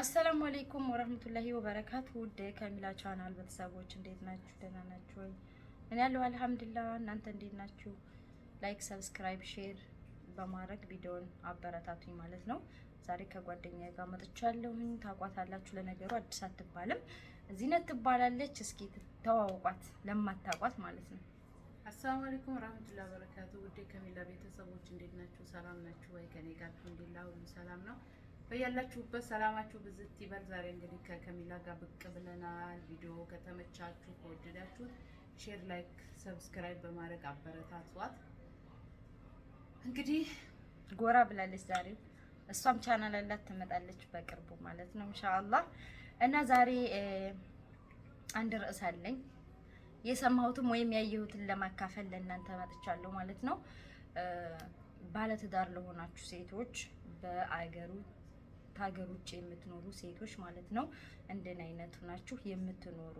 አሰላሙ አሌይኩም ወረህመቱላሂ ወበረካቱ። ውድ ከሚላ ቻናል ቤተሰቦች እንዴት ናችሁ? ደህና ናችሁ ወይ? እኔ ያለሁ አልሐምዱሊላህ። እናንተ እንዴት ናችሁ? ላይክ፣ ሰብስክራይብ፣ ሼር በማድረግ ቪዲዮን አበረታቱኝ ማለት ነው። ዛሬ ከጓደኛዬ ጋር መጥቻለሁኝ። ታውቋታላችሁ። ለነገሩ አዲስ አትባልም፣ ዚነት ትባላለች። እስኪ ተዋውቋት ለማታውቋት ማለት ነው። አሰላሙ አለይኩም ወራህመቱላሂ ወበረካቱ። ውድ ከሚላ ቤተሰቦች እንዴት ናችሁ? ሰላም ናችሁ ወይ? ከኔ ጋር ሁሉ ሰላም ነው። በያላችሁበት ሰላማችሁ ብዝት ይበል። ዛሬ እንግዲህ ከከሚላ ጋር ብቅ ብለናል። ቪዲዮ ከተመቻችሁ ከወደዳችሁት ሼር፣ ላይክ፣ ሰብስክራይብ በማድረግ አበረታቷት። እንግዲህ ጎራ ብላለች ዛሬ እሷም ቻናል አላት ትመጣለች በቅርቡ ማለት ነው ኢንሻአላህ። እና ዛሬ አንድ ርዕስ አለኝ የሰማሁትም ወይም ያየሁትን ለማካፈል ለእናንተ መጥቻለሁ ማለት ነው። ባለትዳር ለሆናችሁ ሴቶች በአገሩ ከሀገር ውጭ የምትኖሩ ሴቶች ማለት ነው እንደን አይነቱ ናችሁ የምትኖሩ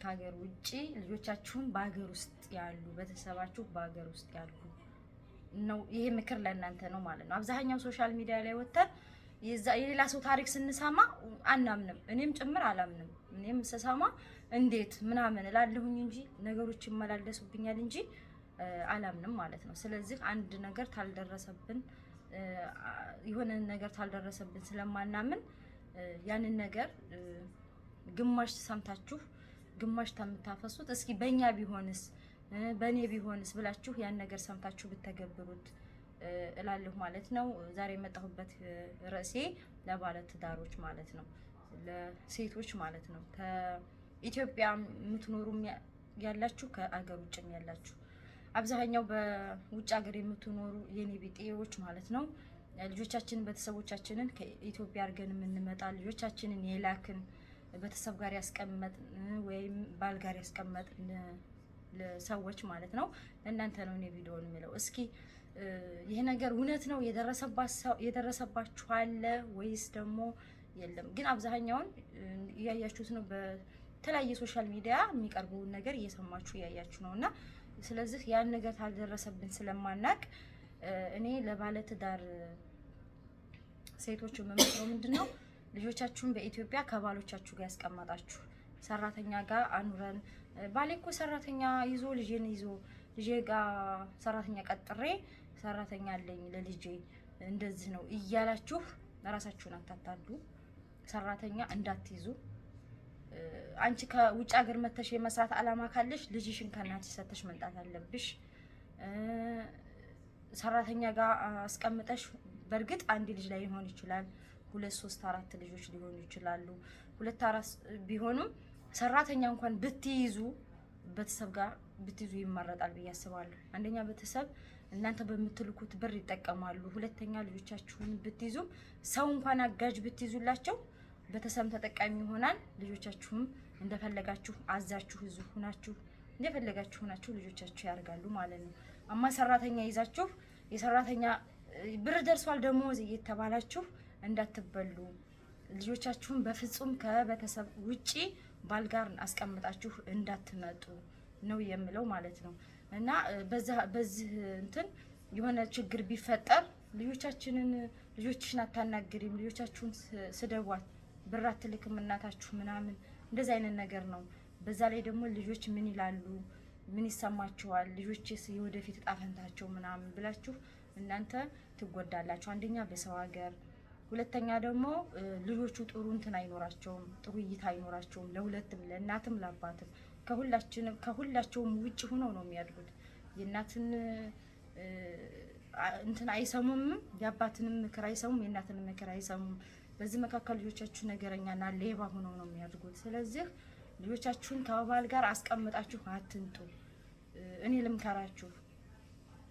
ከሀገር ውጭ ልጆቻችሁን በሀገር ውስጥ ያሉ ቤተሰባችሁ በሀገር ውስጥ ያሉ ነው። ይሄ ምክር ለእናንተ ነው ማለት ነው። አብዛኛው ሶሻል ሚዲያ ላይ ወጥተን የሌላ ሰው ታሪክ ስንሰማ አናምንም። እኔም ጭምር አላምንም። እኔም ስሰማ እንዴት ምናምን እላለሁኝ እንጂ ነገሮች ይመላለሱብኛል እንጂ አላምንም ማለት ነው። ስለዚህ አንድ ነገር ካልደረሰብን። የሆነን ነገር ታልደረሰብን ስለማናምን ያንን ነገር ግማሽ ሰምታችሁ ግማሽ ታምታፈሱት። እስኪ በእኛ ቢሆንስ በእኔ ቢሆንስ ብላችሁ ያን ነገር ሰምታችሁ ብተገብሩት እላለሁ ማለት ነው። ዛሬ የመጣሁበት ርዕሴ ለባለ ትዳሮች ማለት ነው፣ ለሴቶች ማለት ነው። ከኢትዮጵያ የምትኖሩም ያላችሁ ከአገር ውጭም ያላችሁ አብዛኛው በውጭ ሀገር የምትኖሩ የኔ ቢጤዎች ማለት ነው ልጆቻችንን ቤተሰቦቻችንን ከኢትዮጵያ አድርገን የምንመጣ ልጆቻችንን የላክን ቤተሰብ ጋር ያስቀመጥ ወይም ባል ጋር ያስቀመጥ ሰዎች ማለት ነው። እናንተ ነው እኔ ቪዲዮን የምለው። እስኪ ይህ ነገር እውነት ነው የደረሰባችሁ አለ ወይስ ደግሞ የለም? ግን አብዛኛውን እያያችሁት ነው። በተለያየ ሶሻል ሚዲያ የሚቀርበውን ነገር እየሰማችሁ እያያችሁ ነው እና ስለዚህ ያን ነገር ካልደረሰብን ስለማናቅ እኔ ለባለትዳር ሴቶች የምመክረው ምንድን ነው ልጆቻችሁን በኢትዮጵያ ከባሎቻችሁ ጋር ያስቀመጣችሁ ሰራተኛ ጋር አኑረን ባሌ እኮ ሰራተኛ ይዞ ልጄን ይዞ ልጄ ጋር ሰራተኛ ቀጥሬ ሰራተኛ አለኝ ለልጄ እንደዚህ ነው እያላችሁ ራሳችሁን አታታሉ። ሰራተኛ እንዳትይዙ። አንቺ ከውጭ ሀገር መተሽ የመስራት አላማ ካለሽ ልጅሽን ከእናትሽ ሰተሽ መምጣት አለብሽ። ሰራተኛ ጋር አስቀምጠሽ በእርግጥ አንድ ልጅ ላይ ሊሆን ይችላል፣ ሁለት ሶስት አራት ልጆች ሊሆኑ ይችላሉ። ሁለት አራት ቢሆኑም ሰራተኛ እንኳን ብትይዙ ቤተሰብ ጋር ብትይዙ ይመረጣል ብዬ አስባለሁ። አንደኛ ቤተሰብ እናንተ በምትልኩት ብር ይጠቀማሉ። ሁለተኛ ልጆቻችሁን ብትይዙ ሰው እንኳን አጋዥ ብትይዙላቸው ቤተሰብ ተጠቃሚ ይሆናል። ልጆቻችሁም እንደፈለጋችሁ አዛችሁ እዙ ሁናችሁ እንደፈለጋችሁ ሁናችሁ ልጆቻችሁ ያርጋሉ ማለት ነው። አማ ሰራተኛ ይዛችሁ የሰራተኛ ብር ደርሷል ደሞዝ እየተባላችሁ እንዳትበሉ። ልጆቻችሁን በፍጹም ከቤተሰብ ውጪ ባልጋር አስቀምጣችሁ እንዳትመጡ ነው የምለው ማለት ነው። እና በዚህ እንትን የሆነ ችግር ቢፈጠር ልጆቻችንን ልጆችሽን አታናግሪም፣ ልጆቻችሁን ስደቧት ብር አትልክም እናታችሁ ምናምን እንደዚህ አይነት ነገር ነው። በዛ ላይ ደግሞ ልጆች ምን ይላሉ፣ ምን ይሰማቸዋል፣ ልጆችስ የወደፊት እጣ ፈንታቸው ምናምን ብላችሁ እናንተ ትጎዳላችሁ። አንደኛ በሰው ሀገር፣ ሁለተኛ ደግሞ ልጆቹ ጥሩ እንትን አይኖራቸውም፣ ጥሩ እይታ አይኖራቸውም። ለሁለትም ለእናትም ለአባትም ከሁላችንም ከሁላቸውም ውጭ ሆነው ነው የሚያድጉት። የእናትን እንትን አይሰሙም፣ የአባትንም ምክር አይሰሙም፣ የእናትንም ምክር አይሰሙም። በዚህ መካከል ልጆቻችሁ ነገረኛና ሌባ ሆነው ነው የሚያድጉት። ስለዚህ ልጆቻችሁን ከባል ጋር አስቀምጣችሁ አትንጡ። እኔ ልምከራችሁ።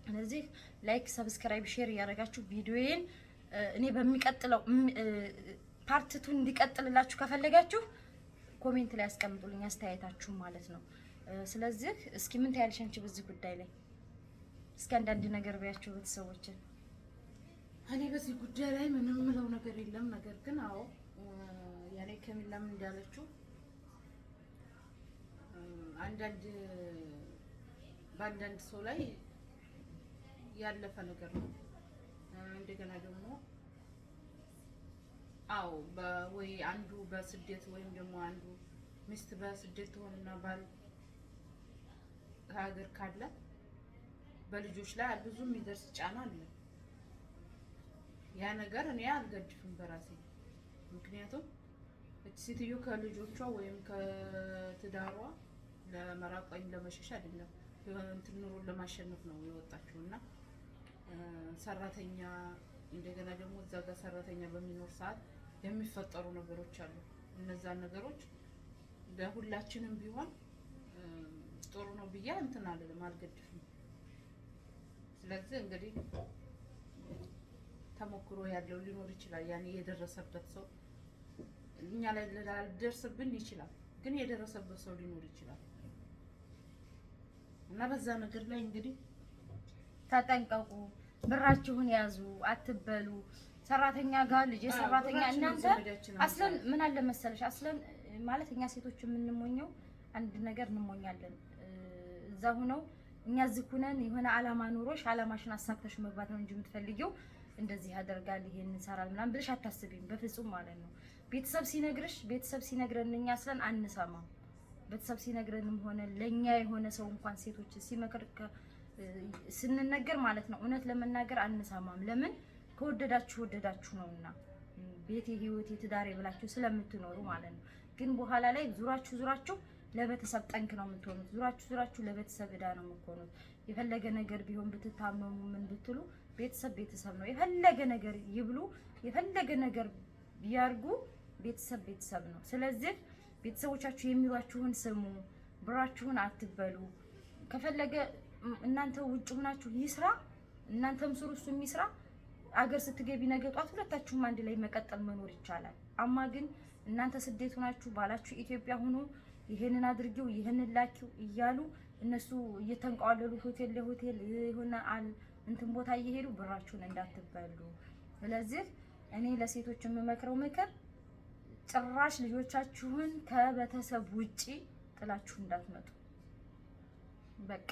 ስለዚህ ላይክ፣ ሰብስክራይብ፣ ሼር እያደረጋችሁ ቪዲዮዬን እኔ በሚቀጥለው ፓርትቱን እንዲቀጥልላችሁ ከፈለጋችሁ ኮሜንት ላይ አስቀምጡልኝ አስተያየታችሁ ማለት ነው። ስለዚህ እስኪ ምን ታያለሽ አንቺ በዚህ ጉዳይ ላይ? እስኪ አንዳንድ ነገር ቢያችሁ ቤተሰቦችን እኔ በዚህ ጉዳይ ላይ ምንም ምለው ነገር የለም። ነገር ግን አዎ ያኔ ከሚላም እንዳለችው አንዳንድ በአንዳንድ ሰው ላይ ያለፈ ነገር ነው። እንደገና ደግሞ አዎ ወይ አንዱ በስደት ወይም ደግሞ አንዱ ሚስት በስደት ትሆንና ባል ከሀገር ካለ በልጆች ላይ ብዙ የሚደርስ ጫና አለ። ያ ነገር እኔ አልገድፍም በራሴ ምክንያቱም እች ሴትዮ ከልጆቿ ወይም ከትዳሯ ለመራቅ ወይም ለመሸሽ አይደለም እንትን ኑሮን ለማሸነፍ ነው የወጣችው እና ሰራተኛ እንደገና ደግሞ እዛ ጋር ሰራተኛ በሚኖር ሰዓት የሚፈጠሩ ነገሮች አሉ። እነዛን ነገሮች ለሁላችንም ቢሆን ጥሩ ነው ብዬ እንትን አልልም፣ አልገድፍም። ስለዚህ እንግዲህ ተሞክሮ ያለው ሊኖር ይችላል። ያኔ የደረሰበት ሰው እኛ ላይ ላልደርስብን ይችላል፣ ግን የደረሰበት ሰው ሊኖር ይችላል እና በዛ ነገር ላይ እንግዲህ ተጠንቀቁ፣ ብራችሁን ያዙ፣ አትበሉ። ሰራተኛ ጋር ልጅ ሰራተኛ እናንተ አስለን ምን አለ መሰለሽ አስለን ማለት እኛ ሴቶች የምንሞኘው አንድ ነገር እንሞኛለን። እዛ ሁነው እኛ ዝኩነን የሆነ አላማ ኑሮሽ አላማሽን አሳክተሽ መግባት ነው እንጂ የምትፈልጊው እንደዚህ ያደርጋል ይሄን እንሰራል ምናምን ብለሽ አታስቢም በፍጹም ማለት ነው። ቤተሰብ ሲነግርሽ ቤተሰብ ሲነግረን እኛ ስለን አንሰማም። ቤተሰብ ሲነግረንም ሆነ ለኛ የሆነ ሰው እንኳን ሴቶች ሲመክር ስንነገር ማለት ነው እውነት ለመናገር አንሰማም። ለምን ከወደዳችሁ ወደዳችሁ ነውና ቤት የህይወት የትዳሬ ብላችሁ ስለምትኖሩ ማለት ነው። ግን በኋላ ላይ ዙራችሁ ዙራችሁ ለቤተሰብ ጠንክ ነው የምትሆኑት። ዙራችሁ ዙራችሁ ለቤተሰብ እዳ ነው የምትሆኑት። የፈለገ ነገር ቢሆን ብትታመሙ ምን ብትሉ ቤተሰብ ቤተሰብ ነው። የፈለገ ነገር ይብሉ፣ የፈለገ ነገር ያርጉ፣ ቤተሰብ ቤተሰብ ነው። ስለዚህ ቤተሰቦቻችሁ የሚሏችሁን ስሙ፣ ብራችሁን አትበሉ። ከፈለገ እናንተ ውጭ ሆናችሁ ይስራ፣ እናንተም ስሩ፣ እሱ የሚስራ አገር ስትገቢ ነገ ጧት ሁለታችሁም አንድ ላይ መቀጠል መኖር ይቻላል። አማ ግን እናንተ ስደት ሆናችሁ ባላችሁ ኢትዮጵያ ሆኖ ይሄንን አድርጊው ይሄንን ላኪው እያሉ እነሱ እየተንቀዋለሉ ሆቴል ለሆቴል ይሆናል እንትን ቦታ እየሄዱ ብራችሁን እንዳትበሉ። ስለዚህ እኔ ለሴቶች የምመክረው ምክር ጭራሽ ልጆቻችሁን ከቤተሰብ ውጪ ጥላችሁ እንዳትመጡ። በቃ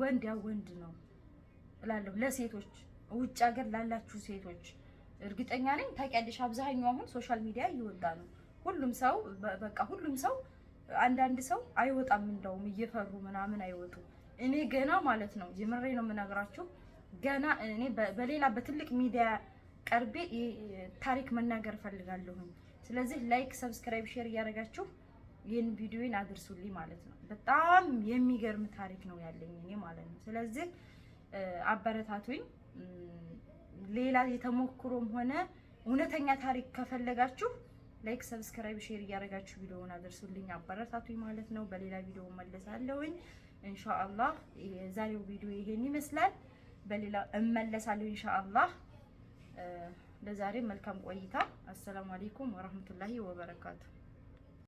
ወንድ ያ ወንድ ነው እላለሁ። ለሴቶች ውጭ ሀገር ላላችሁ ሴቶች እርግጠኛ ነኝ ታውቂያለሽ፣ አብዛኛው አሁን ሶሻል ሚዲያ እየወጣ ነው። ሁሉም ሰው በቃ ሁሉም ሰው አንዳንድ ሰው አይወጣም፣ እንደውም እየፈሩ ምናምን አይወጡ። እኔ ገና ማለት ነው የምሬ ነው የምነግራችሁ ገና እኔ በሌላ በትልቅ ሚዲያ ቀርቤ ታሪክ መናገር ፈልጋለሁኝ ስለዚህ ላይክ፣ ሰብስክራይብ፣ ሼር እያደረጋችሁ ይህን ቪዲዮን አድርሱልኝ ማለት ነው። በጣም የሚገርም ታሪክ ነው ያለኝ እኔ ማለት ነው። ስለዚህ አበረታቱኝ። ሌላ የተሞክሮም ሆነ እውነተኛ ታሪክ ከፈለጋችሁ ላይክ፣ ሰብስክራይብ፣ ሼር እያደረጋችሁ ቪዲዮውን አድርሱልኝ፣ አበረታቱኝ ማለት ነው። በሌላ ቪዲዮ መለሳለሁኝ ኢንሻአላህ። የዛሬው ቪዲዮ ይሄን ይመስላል። በሌላ እመለሳለሁ ኢንሻአላህ። ለዛሬ መልካም ቆይታ። አሰላሙ አለይኩም ወራህመቱላሂ ወበረካቱ።